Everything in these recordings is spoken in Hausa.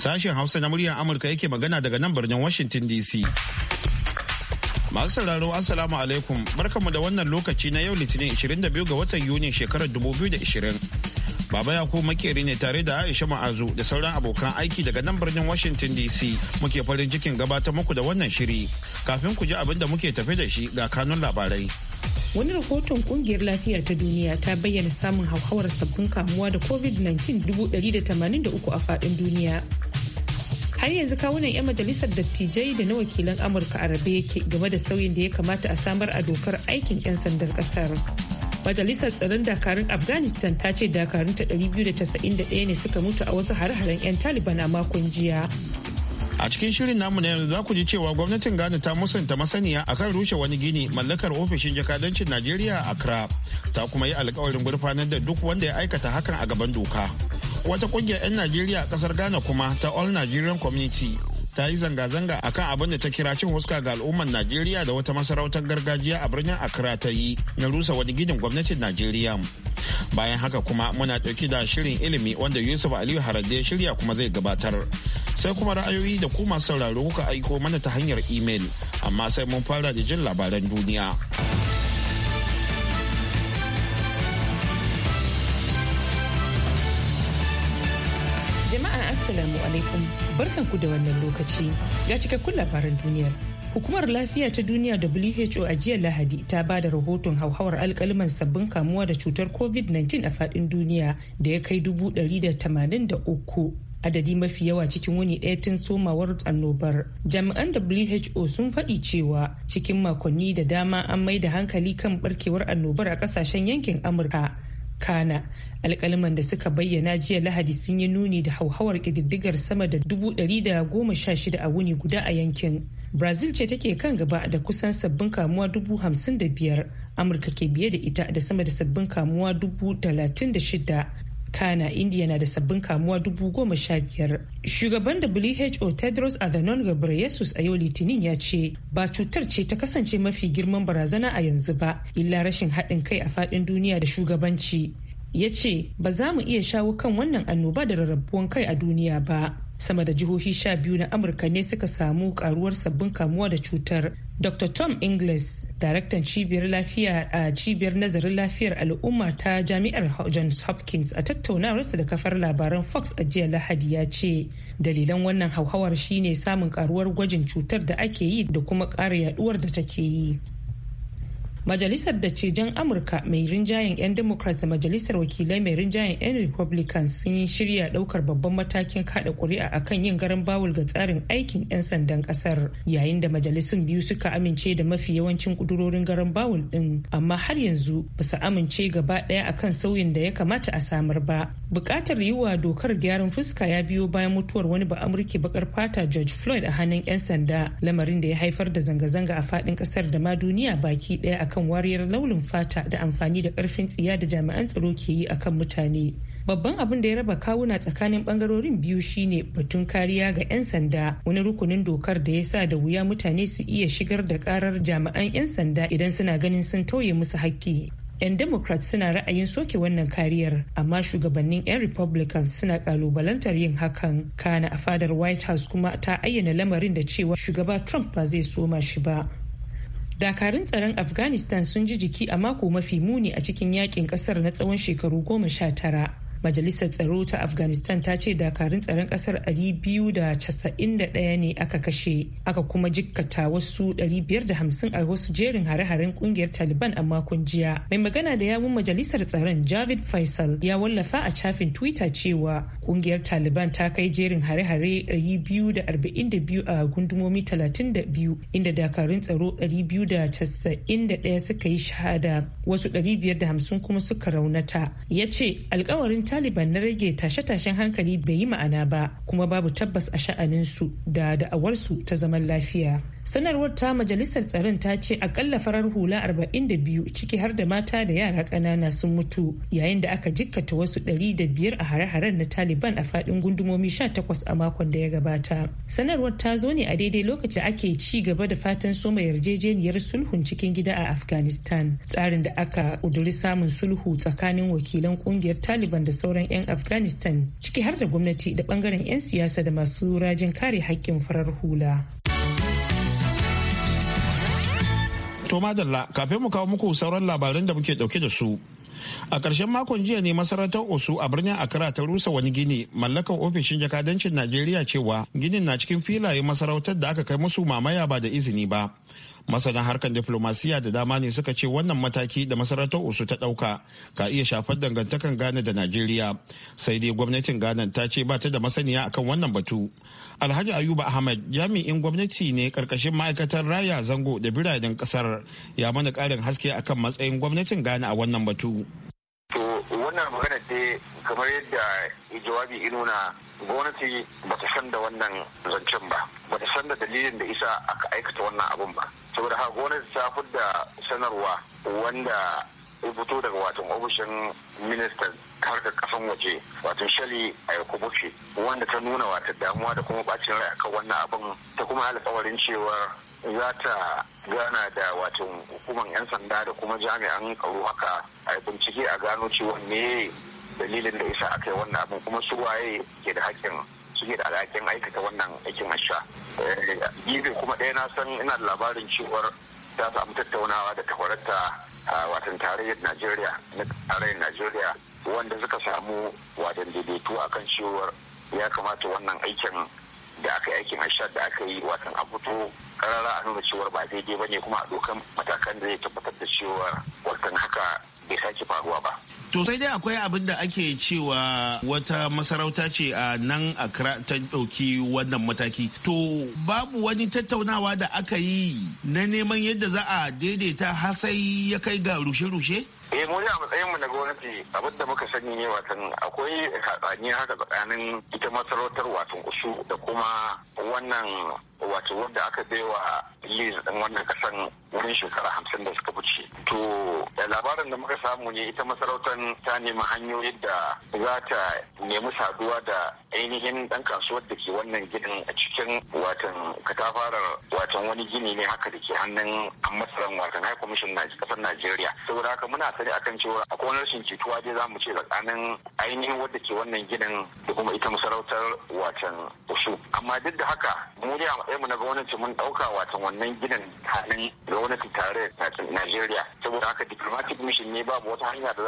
Sashen Hausa na muryar Amurka yake magana daga nan birnin Washington DC. Masu sauraro Assalamu alaikum mu da wannan lokaci na yau Litinin 22 ga watan Yuni shekarar 2020. Baba yaku makeri ne tare da Aisha Ma'azu da sauran abokan aiki daga nan birnin Washington DC muke farin cikin gabatar muku da wannan shiri. Kafin ku ji abin da muke tafe da shi ga kanun labarai. wani rahoton kungiyar lafiya ta duniya ta bayyana samun hauhawar sabbin kamuwa da covid-19 dubu 183 a faɗin duniya har yanzu kawunan 'yan majalisar dattijai da na wakilan amurka a rabe yake game da sauyin da ya kamata a samar a dokar aikin 'yan sandar kasar majalisar tsaron dakarun afghanistan ta ce dakarun dakarunta 291 ne suka mutu a wasu har haren 'yan taliban a makon jiya a cikin shirin namu na yanzu za ku ji cewa gwamnatin ghana ta musanta masaniya akan rushe wani gini mallakar ofishin jakadancin najeriya a accra ta kuma yi alkawarin gurfanar da duk wanda ya aikata hakan a gaban doka wata kungiyar 'yan najeriya a kasar ghana kuma ta all nigerian community ta yi zanga-zanga akan abin da ta kira cin huska ga al'ummar najeriya da wata masarautar gargajiya a birnin accra ta yi na rusa wani ginin gwamnatin najeriya bayan haka kuma muna ɗauki da shirin ilimi wanda yusuf aliyu Haradde ya shirya kuma zai gabatar sai kuma ra'ayoyi da kuma sauraro kuka aiko mana ta hanyar imel amma sai mun fara da jin labaran duniya. Assalamu alaikum barkanku da wannan lokaci ga cikakkun labaran duniyar. Hukumar lafiya ta duniya WHO a jiya Lahadi ta ba da rahoton hauhawar alkaliman sabbin kamuwa da cutar COVID-19 a fadin duniya da ya kai dubu da da tamanin uku Adadi mafi yawa cikin wani ɗaya tun somawar annobar. Jami'an WHO sun faɗi cewa cikin makonni da dama an mai da hankali kan barkewar annobar a ƙasashen yankin Amurka. kana alkaliman da suka bayyana jiya lahadi sun yi nuni da hauhawar kididdigar sama da dubu a wuni guda a yankin brazil ce take kan gaba da kusan sabbin kamuwa dubu amurka ke biye da ita da sama da sabbin kamuwa dubu kana india na da sabbin kamuwa dubu goma sha biyar shugaban who tedros adhanom ghebreyesus a yau litinin ya ce ba cutar ce ta kasance mafi girman barazana a yanzu ba illa rashin haɗin kai a faɗin duniya da shugabanci ya ce ba za mu iya shawo kan wannan annoba da rarrabuwan kai a duniya ba sama da jihohi sha biyu na amurka ne suka samu karuwar sabbin kamuwa da cutar dr tom inglis daraktan cibiyar lafiya a cibiyar nazarin lafiyar al'umma ta jami'ar johns hopkins a tattaunawarsa da kafar labaran fox a jiya lahadi ya ce dalilan wannan hauhawar shine samun karuwar gwajin cutar da ake yi da kuma ƙara yaduwar da take yi majalisar dattijan amurka mai rinjayen 'yan democrat da majalisar wakilai mai rinjayen 'yan Republicans sun yi shirya daukar babban matakin kada kuri'a kan yin garan bawul ga tsarin aikin 'yan sandan kasar yayin da majalisun biyu suka amince da mafi yawancin kudurorin garan bawul din amma har yanzu ba su amince gaba daya akan sauyin da ya kamata a samar ba bukatar yi wa dokar gyaran fuska ya biyo bayan mutuwar wani ba amurki bakar fata george floyd a hannun 'yan sanda lamarin da ya haifar da zanga-zanga a faɗin kasar da ma duniya baki daya akan wariyar launin fata da amfani da karfin tsiya da jami'an tsaro ke yi akan mutane babban abin da ya raba kawuna tsakanin bangarorin biyu shine batun kariya ga 'yan sanda wani rukunin dokar da ya sa da wuya mutane su iya shigar da karar jami'an 'yan sanda idan suna ganin sun tauye musu hakki 'yan democrats suna ra'ayin soke wannan kariyar amma shugabannin 'yan republican suna kalubalantar yin hakan kana a fadar white house kuma ta ayyana lamarin da cewa shugaba trump ba zai soma shi ba dakarun tsaron afghanistan sun ji jiki a mako mafi muni a cikin yakin kasar na tsawon shekaru goma sha tara majalisar tsaro ta afghanistan ta ce dakarun tsaron kasar 291 ne aka kashe aka kuma jikkata wasu 550 a wasu jerin hare-haren kungiyar taliban a makon jiya mai magana da yawun majalisar tsaron javid faisal ya wallafa a cafin twitter cewa kungiyar taliban ta kai jerin hare-hare 242 a gundumomi 32 inda dakarun tsaro 291 suka yi shahada wasu 550 kuma suka raunata ya ce alkawarin taliban na rage tashe-tashen hankali bai yi ma'ana ba kuma babu tabbas a sha'aninsu da da'awarsu ta zaman lafiya sanarwar ta majalisar tsaron ta ce akalla farar hula 42 ciki har da mata da yara ƙanana sun mutu yayin da aka jikkata wasu 500 a hare-haren na taliban a fadin gundumomi 18 a makon da ya gabata sanarwar ta zo ne a daidai lokacin ake ci gaba da fatan soma yarjejeniyar sulhun cikin gida a afghanistan tsarin da aka ƙuduri samun sulhu tsakanin wakilan ƙungiyar taliban da sauran 'yan afghanistan ciki har da gwamnati da ɓangaren 'yan siyasa da masu rajin kare haƙƙin farar hula To madalla kafin mu kawo muku sauran labaran da muke dauke da su. A karshen makon jiya ne masarautar Osu a birnin akara ta rusa wani gini mallakan ofishin jakadancin Najeriya cewa ginin na cikin filaye masarautar da aka kai musu mamaya ba da izini ba. masana harkar diplomasiya da dama ne suka ce wannan mataki da masarautar usu ta dauka ka iya shafar dangantakan ghana da najeriya sai dai gwamnatin ghana ta ce ba ta da masaniya akan wannan batu alhaji ayuba ahmad jami'in gwamnati ne karkashin ma'aikatar raya zango da biranen kasar ya mana karin haske akan matsayin gwamnatin ghana a wannan batu wannan magana dai kamar yadda jawabi ya nuna gwamnati ba ta san da wannan zancen ba ba ta san da dalilin da isa aka aikata wannan abin ba saboda haka gwamnati ta fi da sanarwa wanda ya fito daga watan ofishin ministan harkar kasan waje watan shali a yakubushi wanda ta nuna wata damuwa da kuma bacin rai akan wannan abin ta kuma alkawarin cewa za ta gana da wato hukumar 'yan sanda da kuma jami'an tsaro haka a bincike a gano cewa ne dalilin da isa aka yi wannan abin kuma su waye ke da hakkin suke da alhakin aikata wannan aikin asha eh, gibe kuma ɗaya na san ina da labarin cewar ta samu tattaunawa da takwararta watan tarayyar najeriya na tarayyar najeriya wanda suka samu watan daidaito akan cewar ya kamata wannan aikin da aka yi aikin hashtag da aka yi watan a fito karara a nuna cewar ba daidai ba ne kuma a dokan matakan da zai tabbatar da cewa watan haka bai sake faruwa ba. To sai dai akwai abin da ake cewa wata masarauta ce a nan Accra ta ɗauki wannan mataki. To babu wani tattaunawa da aka yi na neman yadda za a daidaita sai ya kai ga rushe-rushe? eh mu a matsayin mu na gwamnati abin da muka sani ne watan akwai hatsani haka tsakanin ita masarautar watan usu da kuma wannan wato wanda aka baiwa lis ɗin wannan kasan wurin shekara hamsin da suka wuce. To labarin da muka samu ne ita masarautar ta nemi hanyoyin da za ta nemi saduwa da ainihin ɗan kasuwar da ke wannan ginin a cikin watan katafarar watan wani gini ne haka da ke hannun masarar watan high commission na kasar Najeriya. Saboda haka muna sani akan cewa a kowane rashin cituwa dai za mu ce tsakanin ainihin wadda ke wannan ginin da kuma ita masarautar watan Usu. Amma duk da haka mu dai a mu na gwamnati mun ɗauka watan wannan ginin kanin gwamnatin tare da Najeriya saboda haka diplomatic mission ne babu wata hanya da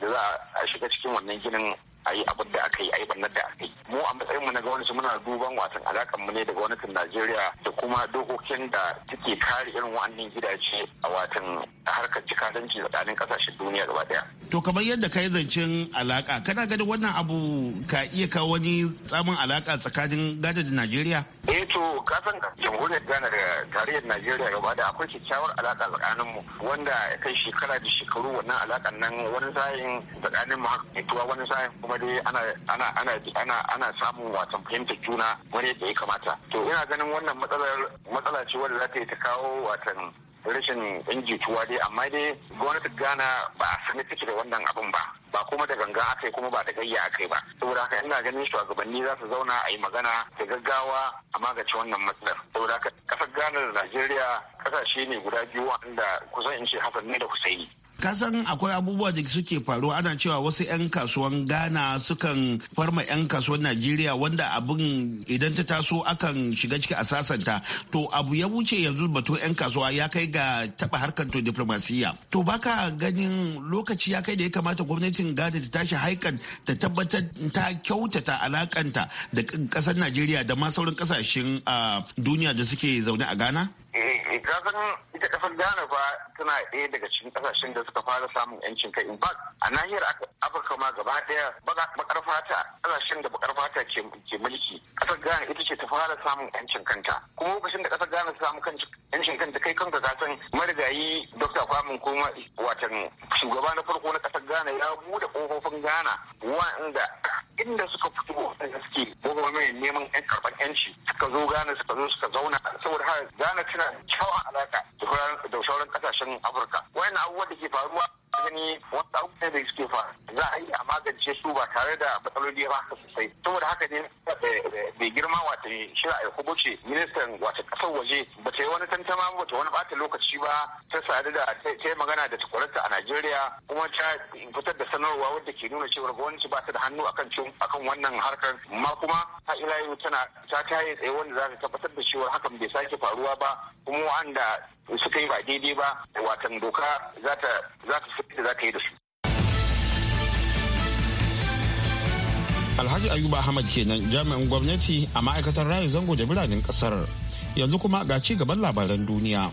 za a shiga cikin wannan ginin a yi abin da aka yi a yi da aka yi mu a matsayinmu na gwamnati muna duban wasan alakan mu ne da gwamnatin najeriya da kuma dokokin da take kare irin wa'annan gidaje a watan harkar jikadanci tsakanin kasashen duniya gaba daya to kamar yadda ka yi zancen alaka kana ganin wannan abu ka iya kawo wani tsamin alaka tsakanin gada da najeriya eh to ka san jamhuriyar ghana da tarihin najeriya gaba da akwai kyakkyawar alaka tsakanin mu wanda kai shekara da shekaru wannan alakan nan wani sa'in tsakanin mu haka wani sa'in kuma dai ana ana ana ana samun watan fahimtar juna wani da ya kamata to ina ganin wannan matsalar matsala ce wanda za ta yi ta kawo watan rashin yan jituwa dai amma dai gwamnatin gana ba a sami take da wannan abin ba ba kuma da ganga aka yi kuma ba da gayya aka yi ba saboda haka ina ganin shugabanni za su zauna a yi magana da gaggawa a magance wannan matsalar saboda haka kasar ghana da najeriya kasashe ne guda biyu wanda kusan in ce hasan ne da husaini kasan akwai abubuwa da suke faruwa ana cewa wasu 'yan kasuwan ghana sukan farma 'yan kasuwan najeriya wanda abin idan ta taso akan shiga ciki a sasanta to abu ya wuce yanzu bato 'yan kasuwa ya kai ga taba harkar to diplomasiya to baka ganin lokaci ya kai da ya kamata gwamnatin ghana ta tashi haikan ta tabbatar ta kyautata alakanta da kasar najeriya da ma sauran kasashen ah, duniya da suke zaune a ghana eh, eh, ita kasar ghana fa tana ɗaya daga cikin kasashen da suka fara samun yancin kai in fact a nahiyar afirka ma gaba ɗaya bakar fata kasashen da bakar fata ke mulki kasar ghana ita ce ta fara samun yancin kanta kuma lokacin da kasar ghana ta samu yancin kanta kai kanka ka san marigayi dr kwamin kuma watan shugaba na farko na kasar ghana ya buɗe ƙofofin ghana wa'anda inda suka fito da suke gwamnati mai neman yan karɓar yanci suka zo ghana suka zo suka zauna saboda haka ghana tana kyawun alaƙa da da sauran kasashen Afirka. Wayan abubuwan da ke faruwa gani wata abubuwan da suke fa za a yi a magance su ba tare da matsaloli ba haka sosai saboda haka ne eh, bai girma wata shira a kubuce ministan wata kasar waje ba ta yi wani tantama ba ta wani bata lokaci ba ta sadu da ta yi magana da takwararta a najeriya kuma ta fitar da sanarwa wadda ke nuna cewa gwamnati ba ta da hannu akan akan wannan harkar ma kuma ta ila yau tana ta taye tsaye wanda za ta tabbatar da cewa hakan bai sake faruwa ba kuma wanda suka yi ba daidai ba watan doka za ta da za ka Alhaji Ayuba Ahmad kenan jami'in gwamnati a ma'aikatar rayu zango da biranen kasar. Yanzu kuma ga ci gaban labaran duniya.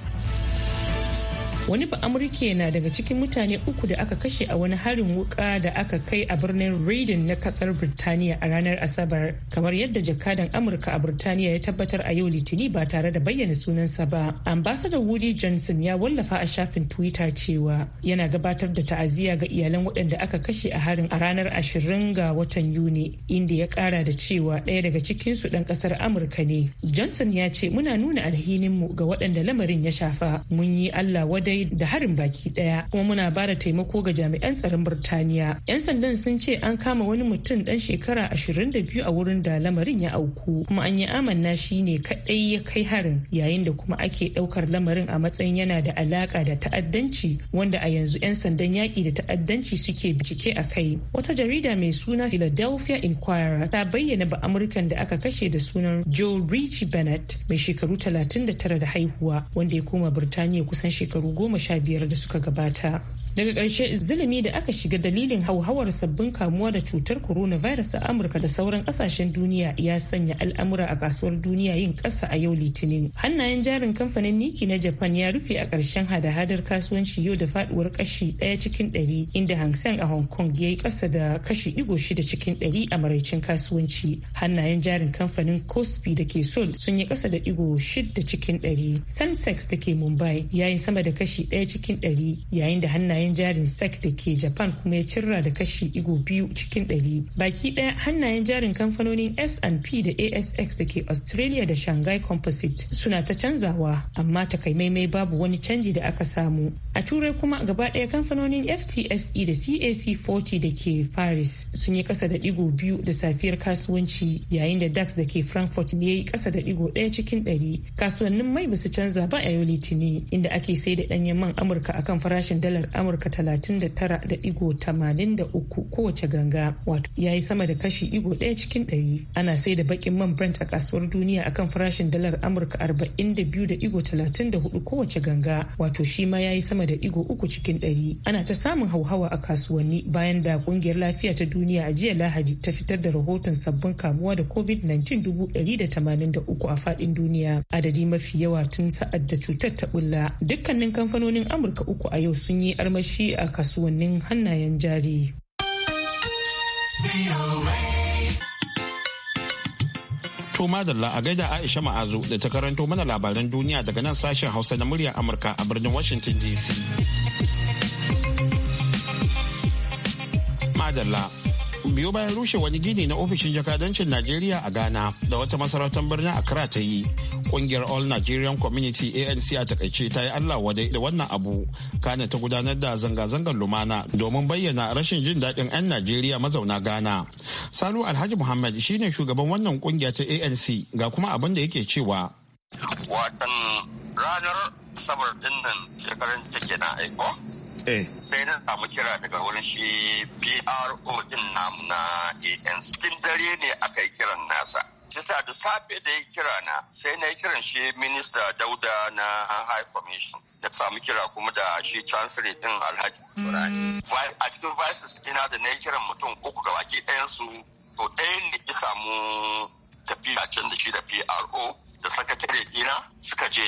wani ba amurke na daga cikin mutane uku da aka kashe a wani harin wuka da aka kai a birnin reading na kasar birtaniya a ranar asabar kamar yadda jakadan amurka a birtaniya ya tabbatar a yau litini ba tare da bayyana sunansa ba ambassador woody johnson ya wallafa a shafin twitter cewa yana gabatar da ta'aziyya ga iyalan waɗanda aka kashe a harin a ranar ashirin ga watan yuni inda ya kara da cewa ɗaya daga cikin su ɗan ƙasar amurka ne johnson ya ce muna nuna alhinin mu ga waɗanda lamarin ya shafa mun yi allah wadai da harin baki daya kuma muna ba da taimako ga jami'an tsaron Birtaniya. 'Yan sandan sun ce an kama wani mutum dan shekara 22 a wurin da lamarin ya auku kuma an yi amanna shi ne kadai ya kai harin yayin da kuma ake daukar lamarin a matsayin yana da alaka da ta'addanci wanda a yanzu 'yan sandan yaki da ta'addanci suke bincike a kai. Wata jarida mai suna Philadelphia Inquirer ta bayyana ba Amurkan da aka kashe da sunan Joe Richie Bennett mai shekaru 39 da haihuwa wanda ya koma Birtaniya kusan shekaru goma sha biyar da suka gabata daga ƙarshe zulumi da aka shiga dalilin hauhawar sabbin kamuwa da cutar coronavirus a amurka da sauran ƙasashen duniya ya sanya al'amura a kasuwar duniya yin ƙasa a yau litinin hannayen jarin kamfanin niki na japan ya rufe a ƙarshen hada-hadar kasuwanci yau da faduwar kashi ɗaya cikin ɗari inda hang seng a hong kong ya yi ƙasa da kashi ɗigo shida cikin ɗari a maraicin kasuwanci hannayen jarin kamfanin kospi da ke seoul sun yi ƙasa da ɗigo shida cikin ɗari sensex da ke mumbai ya yi sama da kashi ɗaya cikin ɗari yayin da hannayen hannayen jarin sec da ke japan kuma ya cirra da kashi igo biyu cikin ɗari baki ɗaya hannayen jarin kamfanonin S&P da ASX da ke Australia da Shanghai Composite suna ta canzawa amma takaimaimai babu wani canji da aka samu. A turai kuma gaba ɗaya kamfanonin FTSE da CAC 40 da ke Paris sun yi kasa da igo biyu da safiyar kasuwanci yayin da DAX da ke Frankfurt ne ya yi kasa da igo ɗaya cikin ɗari. Kasuwannin mai basu canza ba a yau Litini inda ake sai da ɗanyen man Amurka akan farashin dalar Amurka amurka 39.83 kowace ganga wato ya yi sama da kashi igo daya cikin ɗari ana sai da bakin man brent a kasuwar duniya akan farashin dalar amurka 42.34 kowace ganga wato shi ma ya yi sama da igo uku cikin ɗari ana ta samun hauhawa a kasuwanni bayan da kungiyar lafiya ta duniya a jiya lahadi ta fitar da rahoton sabbin kamuwa da covid-19 183 a fadin duniya adadi mafi yawa tun sa'ad da cutar ta bulla dukkanin kamfanonin amurka uku a yau sun yi armai shi a kasuwannin hannayen jari. To madalla a gaida Aisha Ma'azu da ta karanto mana labaran duniya daga nan sashen Hausa na muryar Amurka a birnin Washington DC. Madalla biyo bayan rushe wani gini na ofishin jakadancin Najeriya a Ghana da wata masarautar birnin Accra ta yi. Kungiyar All Nigerian Community ANC a takaice ta yi Allah wadai da wannan abu. Kana ta gudanar da zanga-zangar lumana domin bayyana rashin jin daɗin 'yan Najeriya mazauna Ghana. Salu Alhaji Muhammad shine shugaban wannan kungiya ta ANC ga kuma abin da yake cewa. Watan ranar sabar dinnan shekaran take na aiko. Eh. sai na samu kira daga wurin shi PRO din namu na AN cikin dare ne aka yi kiran nasa Kisa da safe da ya kira na sai na kiran shi minista dauda na high commission da samu kira kuma da shi chancellor din alhaji turai mm. a cikin vices ina da na kiran mutum uku ga baki ɗayan su to ɗaya ne ki samu tafiya can da shi da pro da sakatare ina. suka je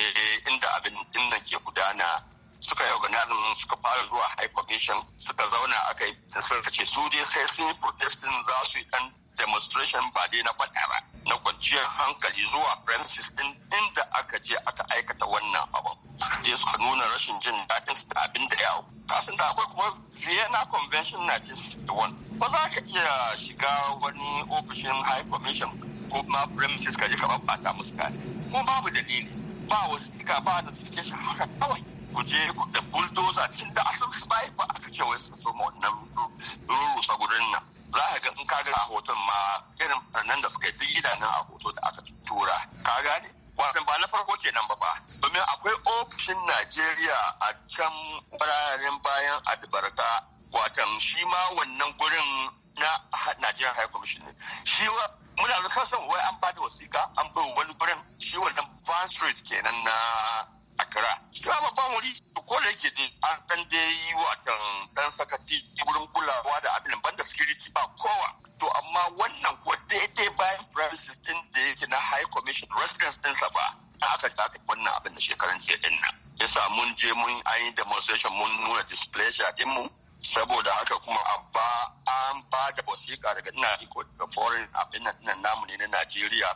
inda abin dinnan ke gudana suka yi organizing suka fara zuwa high commission suka zauna aka yi suka ce su dai sai sun yi protesting za su yi dan demonstration ba dai na faɗa ba na kwanciyar hankali zuwa premises din inda aka je aka aikata wannan suka je suka nuna rashin jin daɗin su da abin da yawo kasan da akwai kuma vienna convention 1961 ba za ka iya shiga wani ofishin high commission ko ma premises ka je ka babbata musu kare kuma babu dalili ba wasu ba da notification haka kawai ku je da bulldozer tun da asan su bai ba aka ce wai sun soma wannan rusa gurin nan za ka ga in ka ga a hoton ma irin farnan da suka yi duk gidanen a hoto da aka tura ka gane wasan ba na farko nan ba ba domin akwai ofishin Najeriya a can bararin bayan Adbarka watan shi ma wannan gurin na Najeriya High Commission shi wa muna da kasan wai an ba da wasiƙa an bai wani gurin shi wannan Van Street kenan na kira ba ba wuri ko da yake ne an kan da yi watan dan sakati wurin kulawa da abin banda security ba kowa to amma wannan ko daidai bayan premises din da yake na high commission residence dinsa ba aka aka wannan abin da shekaran jiya din nan Ya sa mun je mun an yi demonstration mun nuna displeasure din mu saboda haka kuma abba an ba da wasiƙa daga ina ko foreign abin nan namu ne na Najeriya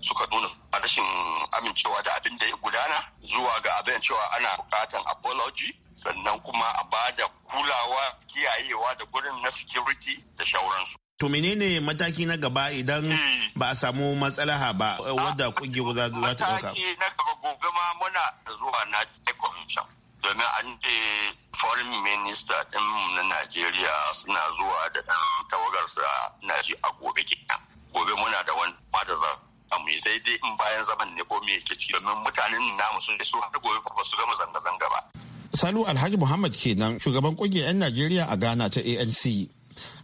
suka nuna rashin amincewa da abin da ya gudana zuwa ga abin cewa ana bukatan apology sannan kuma a ba da kulawa kiyayewa da gurin na security da shauransu. To menene mataki na gaba idan hmm. ba a samu matsalaha ba wadda kungiyar za ta ɗauka? Mataki na gaba gobe ma muna zuwa na commission domin an ce foreign minister ɗin na Najeriya suna zuwa da ɗan tawagarsa na ji a gobe kenan. Gobe muna da wani da za Amui sai dai in bayan zaman ne ko me yake ci domin mutanen namu sun da su har gobe ba su gama zanga-zanga ba. Salu Alhaji Muhammad kenan shugaban kungiyar 'yan Najeriya a Ghana ta ANC.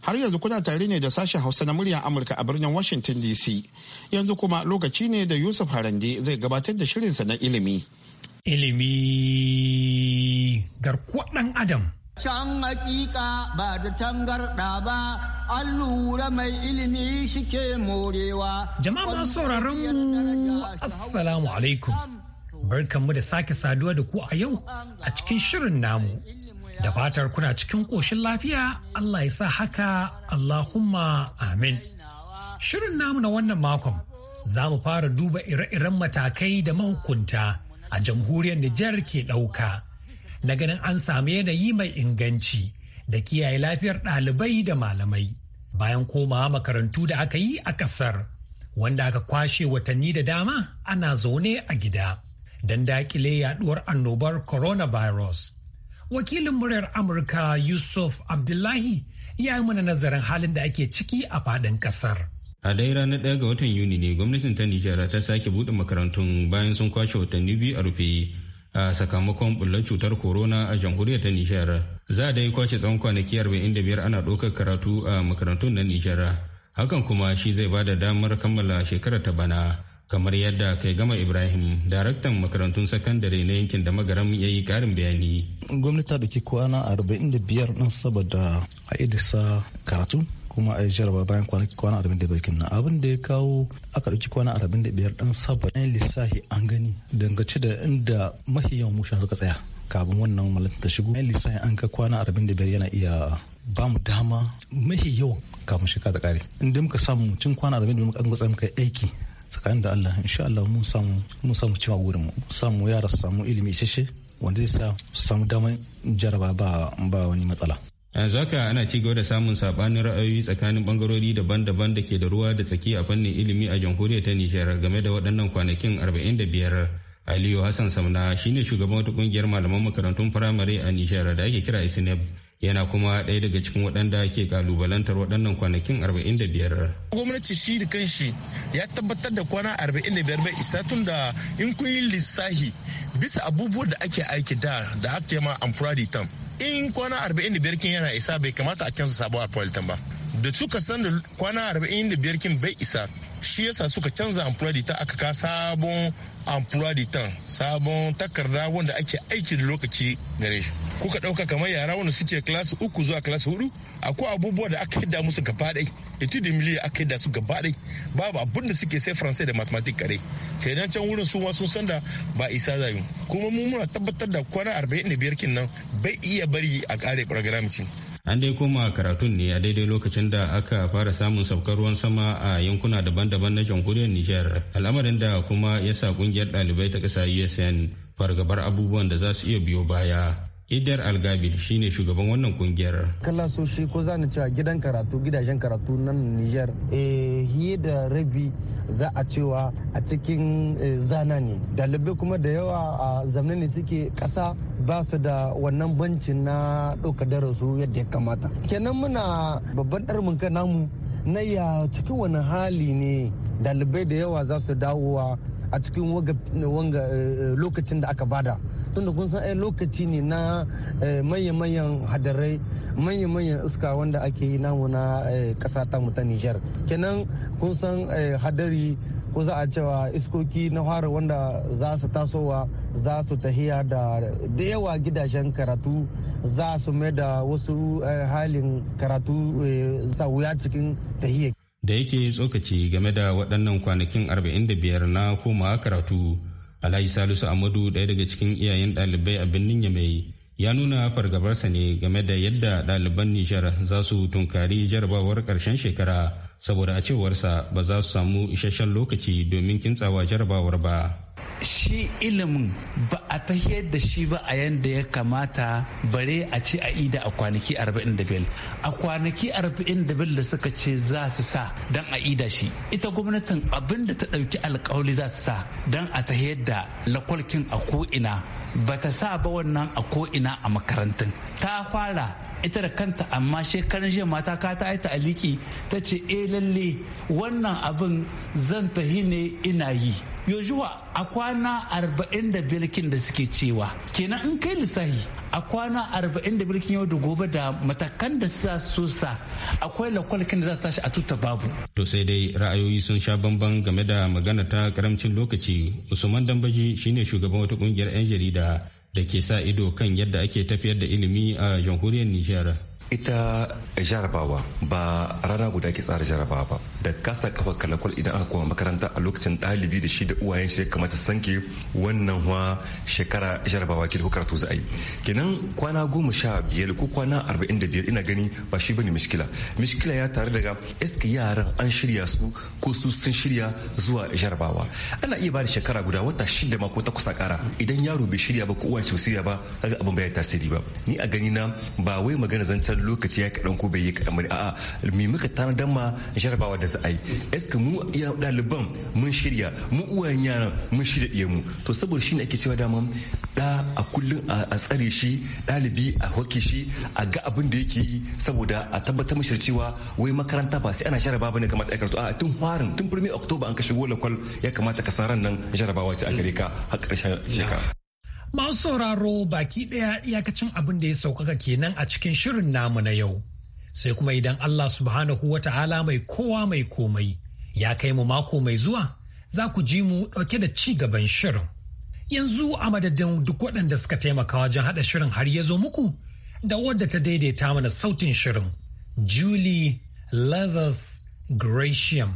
Har yanzu kuna tare ne da sashen Hausa na muryar Amurka a birnin Washington DC. Yanzu kuma lokaci ne da Yusuf Harande zai gabatar da shirinsa na ilimi. Ilimi garkuwa ɗan Adam. Can hakika ba da tangarɗa ba, an lura mai ilimi shike morewa. Jama'a masu sauraron mu Assalamu alaikum. Barkanmu da sake saduwa da ku a yau a cikin shirin namu. Da fatar kuna cikin ƙoshin lafiya Allah ya sa haka Allahumma amin. Shirin namu na wannan makon za mu fara duba ire-iren matakai da mahukunta a jamhuriyar Nijar ke ɗauka. na ganin an samu yanayi mai inganci da kiyaye lafiyar ɗalibai da malamai bayan komawa makarantu da aka yi a ƙasar wanda aka kwashe watanni da dama ana zaune a gida don dakile yaduwar annobar coronavirus. Wakilin muryar Amurka Yusuf Abdullahi ya yi mana nazarin halin da ake ciki a faɗin ƙasar. a dai ranar ɗaya ga watan yuni ne gwamnatin ta nijar ta sake buɗe makarantun bayan sun kwashe watanni biyu a rufe a sakamakon bullar cutar corona a jamhuriyar ta Nijar. Za da yi kwace tsawon kwanaki 45 ana ɗaukar karatu a makarantun na Nijar. Hakan kuma shi zai ba da damar kammala shekarar ta bana. Kamar yadda kai gama Ibrahim, daraktan makarantun sakandare na yankin da magaram ya yi karin bayani. Gwamnati ta ɗauki kwana 45 saba saboda a idisa karatu kuma a yi jaraba bayan kwana arba'in da bakin nan abin da ya kawo aka ɗauki kwana arba'in da biyar ɗan saba ɗan lissafi an gani dangace da inda yawan mushan suka tsaya kafin wannan malatin ta shigo ɗan lissafi an ka kwana arba'in da biyar yana iya ba mu dama mahi yawan kafin shekara ta ƙare inda muka samu cin kwana arba'in da biyar muka tsaya muka muka aiki tsakanin da Allah insha Allah mun samu mun samu cewa gurin mu samu yara su samu ilimi sheshe wanda zai sa samu damar jaraba ba wani matsala yanzu haka ana ci gaba da samun sabanin ra'ayoyi tsakanin bangarori daban-daban da ke da ruwa da tsaki a fannin ilimi a jamhuriyar ta nijar game da waɗannan kwanakin 45 aliyu hassan samna shine shugaban wata kungiyar malaman makarantun firamare a nijar da ake kira isnab e yana kuma ɗaya daga cikin waɗanda ke kalubalantar waɗannan kwanakin 45. gwamnati shi da kanshi ya tabbatar da kwana 45 bai isa tun da in kun yi lissahi bisa abubuwan da ake aiki da da ake ma amfura da in kwana 45 kin yana isa bai kamata a canza sabuwar politan ba da cuka san da kwana 45 kin bai isa shi yasa suka canza amfura da ita aka ka sabon amfura da ita sabon takarda wanda ake aiki da lokaci gare shi kuka ɗauka kamar yara wanda suke class uku zuwa class hudu akwai abubuwa da aka yadda musu gaba dai ita da miliya aka yadda su gaba dai babu abin da suke sai faransai da mathematics kare kenan can wurin su ma sun san da ba isa zayu kuma mu muna tabbatar da kwana arba'in da biyar kinnan bai iya bari a kare programming an dai koma karatun ne a daidai lokacin da aka fara samun saukar ruwan sama a yankuna daban daban-daban na jamhuriyar Nijar, al'amarin da kuma ya sa kungiyar ɗalibai ta ƙasa USN fargabar abubuwan da za su iya biyo baya. Idar algabi shine shugaban wannan kungiyar. Kalla so shi ko za ni cewa gidan karatu gidajen karatu nan Nijar eh da rabi za a cewa a cikin eh, zana ne. Dalibai kuma da yawa a zamanin ne suke kasa ba su da wannan banci na ɗauka darasu yadda ya kamata. Kenan muna babban ɗarmin namu na ya cikin wani hali ne dalibai da yawa za su dawowa a cikin wanga eh, eh, lokacin da aka bada tunda kun san eh, lokaci ne na manya-manyan hadarai manya-manyan iska wanda ake yi namu na kasa ta mu nijar kenan kun san hadari ko za a cewa iskoki na fara wanda za su tasowa za su tahiya da yawa gidajen karatu za su mai da wasu eh, halin karatu eh, sa wuya cikin tahiyya. Da yake tsokaci game da waɗannan kwanakin 45 na komawa karatu, Alhaji Salisu Amadu ɗaya daga cikin iyayen ɗalibai a birnin Yamai ya nuna fargabarsa ne game da yadda ɗaliban Nijar za su tunkari jarabawar ƙarshen shekara saboda a cewarsa ba za su samu isasshen lokaci domin kintsawa jarabawar ba. shi ilimin ba a tafiyar da shi ba a yadda ya kamata bare a ce a ida a kwanaki 45 a kwanaki 45 da suka ce za su sa don a ida shi ita gwamnatin abinda ta ɗauki alkawali za ta sa don a tafiyar da lakwalkin a ko'ina ba ta sa ba wannan a ko'ina a makarantun ta fara ita da kanta amma shekaran jiya mata ka ta aita aliki ta ce e lalle wannan abin zan tahi ne ina yi yojuwa a kwana arba'in da bilkin da suke cewa kenan in kai lissahi a kwana arba'in da bilkin yau da gobe da matakan da su sa akwai lakwalkin da za ta tashi a tuta babu to sai dai ra'ayoyi sun sha bamban game da magana ta karamcin lokaci usman dambaji shine shugaban wata kungiyar 'yan jarida da ke sa ido kan yadda ake tafiyar da ilimi a jamhuriyar Nijar. Ita jarabawa ba rana guda ke tsara jarabawa ba. da kasa kafa kalakul idan aka koma makaranta a lokacin ɗalibi da shi da uwayen shi kamata sanke wannan wa shekara jarabawa ke karatu za a yi kenan kwana goma sha biyar ko kwana arba'in da biyar ina gani ba shi bane mishkila mishkila ya tare daga iska yaran an shirya su ko su sun shirya zuwa jarabawa ana iya ba da shekara guda wata shida ma ko ta kusa kara idan yaro bai shirya ba ko uwan shi shirya ba kaga abin bai tasiri ba ni a gani na ba wai magana zancen lokaci ya kaɗan ko bai yi kaɗan ba a'a mi muka tanadan ma jarabawa da su ai que mu ɗaliban mun shirya mu uwayen yaran mun shirya ɗiyan mu to saboda shine ake cewa dama ɗa a kullum a tsare shi ɗalibi a hoki shi a ga abin da yake yi saboda a tabbatar mishi cewa wai makaranta ba sai ana jaraba ne kamata ya karatu a tun farin tun firmi oktoba an ka shigo lakwal ya kamata ka san ran nan jarabawa ce a gare ka har ƙarshen shekara Masu sauraro baki ɗaya iyakacin abin da ya saukaka kenan a cikin shirin namu na yau. sai kuma idan Allah subhanahu wa ta'ala mai kowa mai komai ya kai mu mako mai zuwa za ku ji mu ɗauke da ci gaban shirin. Yanzu a madadin duk waɗanda suka taimaka wajen haɗa shirin har ya zo muku da wadda ta daidaita mana sautin shirin. Julie Lazarus Gratiam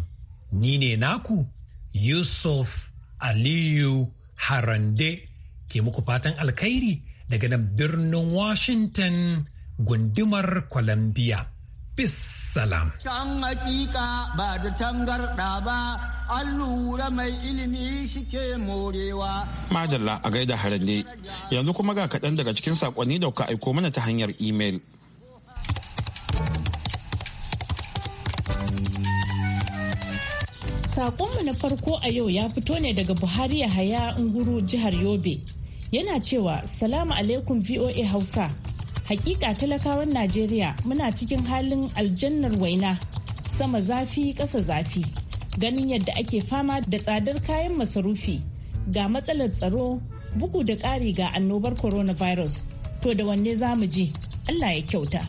ni ne naku Yusuf Aliyu Harande ke muku fatan alkhairi daga nan birnin Washington gundumar Columbia. Bis salam. Can hakika ba da tangarda ba, an lura mai ilimi shike morewa. Madalla a gaida harande, yanzu kuma ga kaɗan daga cikin saƙonni da ka aiko mana ta hanyar imel. Saƙonmu na farko a yau ya fito ne daga Buhari ya Yahaya Nguru jihar Yobe. Yana cewa, Salamu alaikum VOA Hausa. Hakika talakawan Najeriya muna cikin halin aljannar waina sama zafi ƙasa zafi ganin yadda ake fama da tsadar kayan masarufi ga matsalar tsaro bugu da ƙari ga annobar coronavirus to da wanne za mu je Allah ya kyauta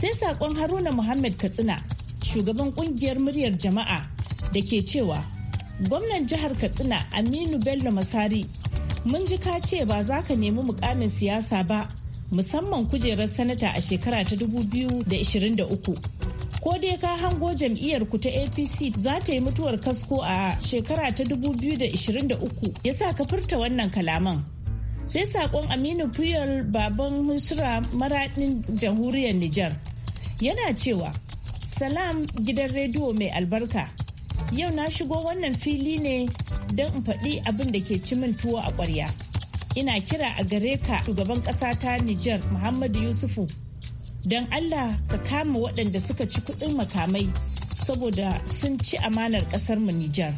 sai saƙon haruna muhammad katsina shugaban ƙungiyar muryar jama'a da ke cewa gwamnan jihar katsina aminu bello masari mun ji ka ce ba za ka nemi mukamin siyasa ba musamman kujerar sanata a shekara ta 2023 ko dai ka hango jam'iyyar ku ta apc za ta yi mutuwar kasko a shekara ta 2023 sa ka furta wannan kalaman sai sakon aminu puyol baban musura maradin jamhuriyar nijar yana cewa salam gidan rediyo mai albarka yau na shigo wannan fili ne don in faɗi abin da ke cimin tuwo a ƙwarya ina kira a gare ka shugaban ƙasa ta Nijar Muhammadu Yusufu don Allah ka kama waɗanda suka ci kuɗin makamai saboda sun ci amanar ƙasar mu Nijar.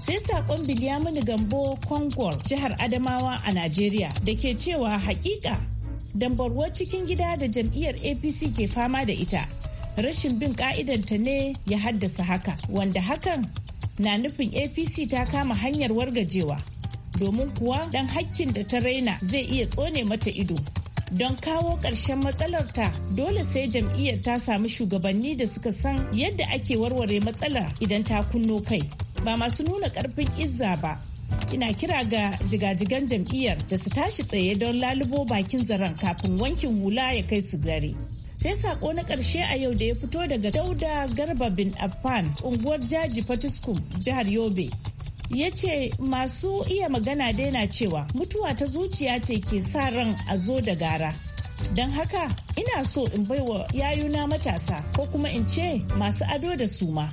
Sai saƙon Bilyamini Gambo Kongor jihar Adamawa a Najeriya da ke cewa haƙiƙa dambarwar cikin gida da jam'iyyar APC ke fama da ita. Rashin bin ka'idanta ne ya haddasa haka, wanda hakan na nufin APC ta kama hanyar wargajewa. domin kuwa dan hakkin da ta raina zai iya tsone mata ido. don kawo ƙarshen matsalarta dole sai jam'iyyar ta samu shugabanni da suka san yadda ake warware matsalar idan ta kunno kai ba masu nuna ƙarfin izza ba ina kira ga jigajigan jam'iyyar da su tashi tsaye don lalubo bakin zaren kafin wankin hula ya kai su gari. sai saƙo na ƙarshe a yau da ya fito daga dauda garba bin affan unguwar jaji fatiskum jihar yobe ya ce masu iya magana daina cewa mutuwa ta zuciya ce ke sa ran a zo da gara don haka ina so in baiwa yayuna matasa ko kuma in ce masu ado da suma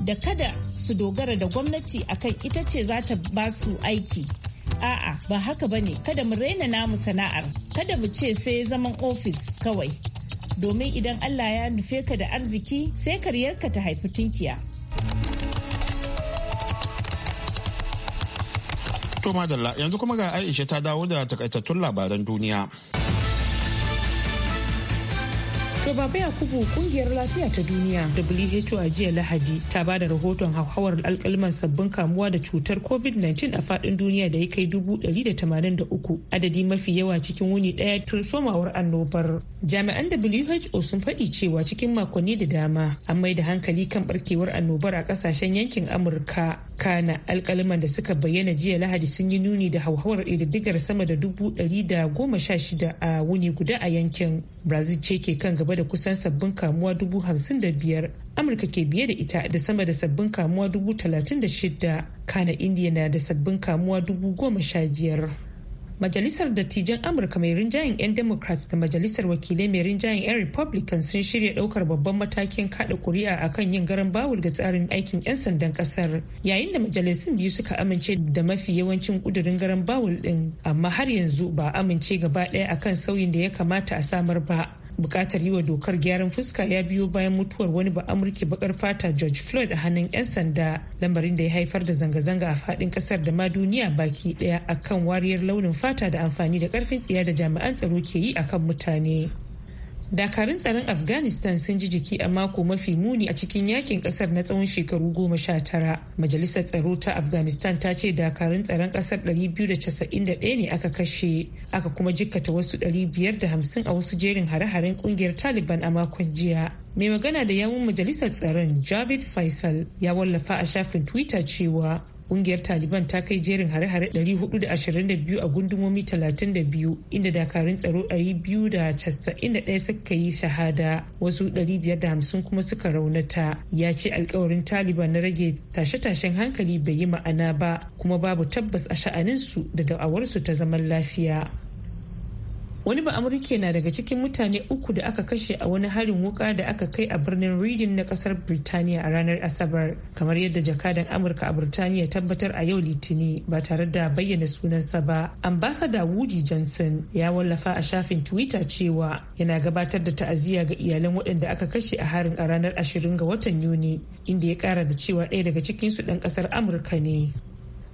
da kada su dogara da gwamnati akan ita ce za ta ba su aiki a'a ba haka ba ne kada mu raina namu sana'ar kada mu ce sai zaman ofis kawai domin idan allah ya nufe ka da arziki sai karyarka ta haifi tunkiya To madalla yanzu kuma ga Aisha ta dawo da takaitattun labaran duniya. To Baba Yakubu kungiyar lafiya ta duniya WHO a jiya Lahadi ta ba da rahoton hauhawar alkalman sabbin kamuwa da cutar COVID-19 a fadin duniya da ya kai dubu da da tamanin uku adadi mafi yawa cikin wuni daya tun somawar annobar. Jami'an WHO sun faɗi cewa cikin makonni da dama an mai da hankali kan barkewar annobar a ƙasashen yankin Amurka kana alkaliman da suka bayyana jiya lahadi sun yi nuni da hauhawar ƙididdigar sama da dubu ɗari da goma sha shida a wuni guda a yankin brazil ce ke kan gaba da kusan sabbin kamuwa dubu hamsin da biyar amurka ke biye da ita da sama da sabbin kamuwa dubu talatin da shida kana indiya na da sabbin kamuwa dubu goma sha biyar majalisar dattijan amurka mai rinjayen 'yan democrats da majalisar wakilai mai rinjayen 'yan Republicans sun shirya ɗaukar babban matakin kada kuri'a akan yin garan bawul ga tsarin aikin 'yan sandan ƙasar, yayin da majalisun biyu suka amince da mafi yawancin ƙudurin garan bawul din amma har yanzu ba amince gaba daya akan sauyin da ya kamata a samar ba bukatar yi wa dokar gyaran fuska ya biyo bayan mutuwar wani ba amurke bakar fata george floyd a hannun 'yan sanda lamarin da ya haifar da zanga-zanga a fadin kasar da ma duniya baki daya akan wariyar launin fata da amfani da karfin tsiya da jami'an tsaro ke yi akan mutane dakarun tsaron afghanistan sun ji jiki a mako mafi muni a cikin yakin kasar na tsawon shekaru goma sha tara majalisar tsaro ta afghanistan ta ce dakarun tsaron kasar 291 ne aka kashe aka kuma jikkata wasu 550 a wasu jerin hare-haren kungiyar taliban a makon jiya mai magana da yawun majalisar tsaron javid faisal ya wallafa a shafin twitter cewa kungiyar taliban ta kai jerin hare-hare 422 a gundumomi 32 inda dakarun tsaro 291 suka yi shahada wasu 550 kuma suka raunata ya ce alkawarin taliban na rage tashe-tashen hankali bai yi ma'ana ba kuma babu tabbas a sha'aninsu da da'awarsu ta zaman lafiya wani ba amurke na daga cikin mutane uku da aka kashe a wani harin wuka da aka kai a birnin reading na kasar birtaniya a ranar asabar kamar yadda jakadan amurka a birtaniya tabbatar a yau litini ba tare da bayyana sunansa ba ambasada woody johnson ya wallafa a shafin twitter cewa yana gabatar da ta'aziyya ga iyalan waɗanda aka kashe a harin a ranar ashirin ga watan yuni inda ya kara da cewa ɗaya daga cikinsu ɗan ƙasar amurka ne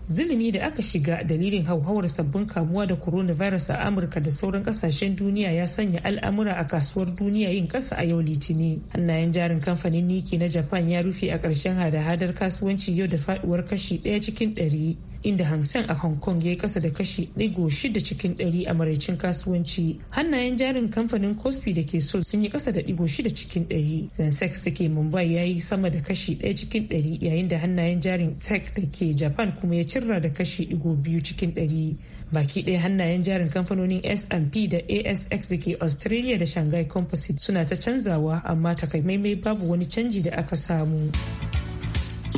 zilimi da aka shiga dalilin hauhawar sabbin kamuwa da coronavirus a amurka da sauran kasashen duniya ya sanya al'amura a kasuwar duniya yin kasa a yau litini hannayen jarin kamfanin niki na japan ya rufe a ƙarshen hada-hadar kasuwanci yau da faduwar kashi ɗaya cikin ɗari inda hansen a hong kong ya yi kasa da kashi ɗigo shida cikin ɗari a maraicin kasuwanci hannayen jarin kamfanin cosby da ke so sun yi kasa da ɗigo shida cikin ɗari zensex da ke mumbai ya yi sama da kashi ɗaya cikin ɗari yayin da hannayen jarin tech da ke japan kuma ya cirra da kashi ɗigo biyu cikin ɗari baki ɗaya hannayen jarin kamfanonin S&P da ASX da ke Australia da Shanghai Composite suna ta canzawa amma takamaimai babu wani canji da aka samu.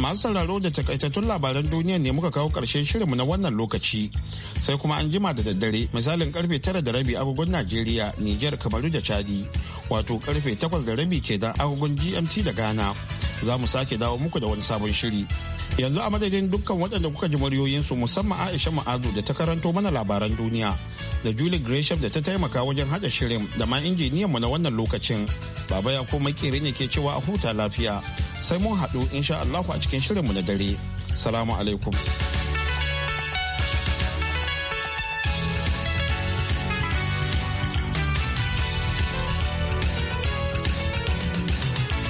Masu sauraro da takaitattun labaran duniya ne muka kawo ƙarshen shirinmu na wannan lokaci. Sai kuma an jima da daddare misalin karfe tara da rabi agogon Najeriya, Nijar, Kamaru da Chadi. Wato karfe takwas da rabi ke da agogon GMT da Ghana. Za mu sake dawo muku da wani sabon shiri. yanzu a madadin dukkan waɗanda kuka ji muryoyinsu musamman aisha ma'azu da ta karanto mana labaran duniya da julie gresham da ta taimaka wajen haɗa shirin da ma injiniyan mu na wannan lokacin baba ya ko makere ne ke cewa a huta lafiya sai mun haɗu insha allahu a cikin shirin mu na dare salamu alaikum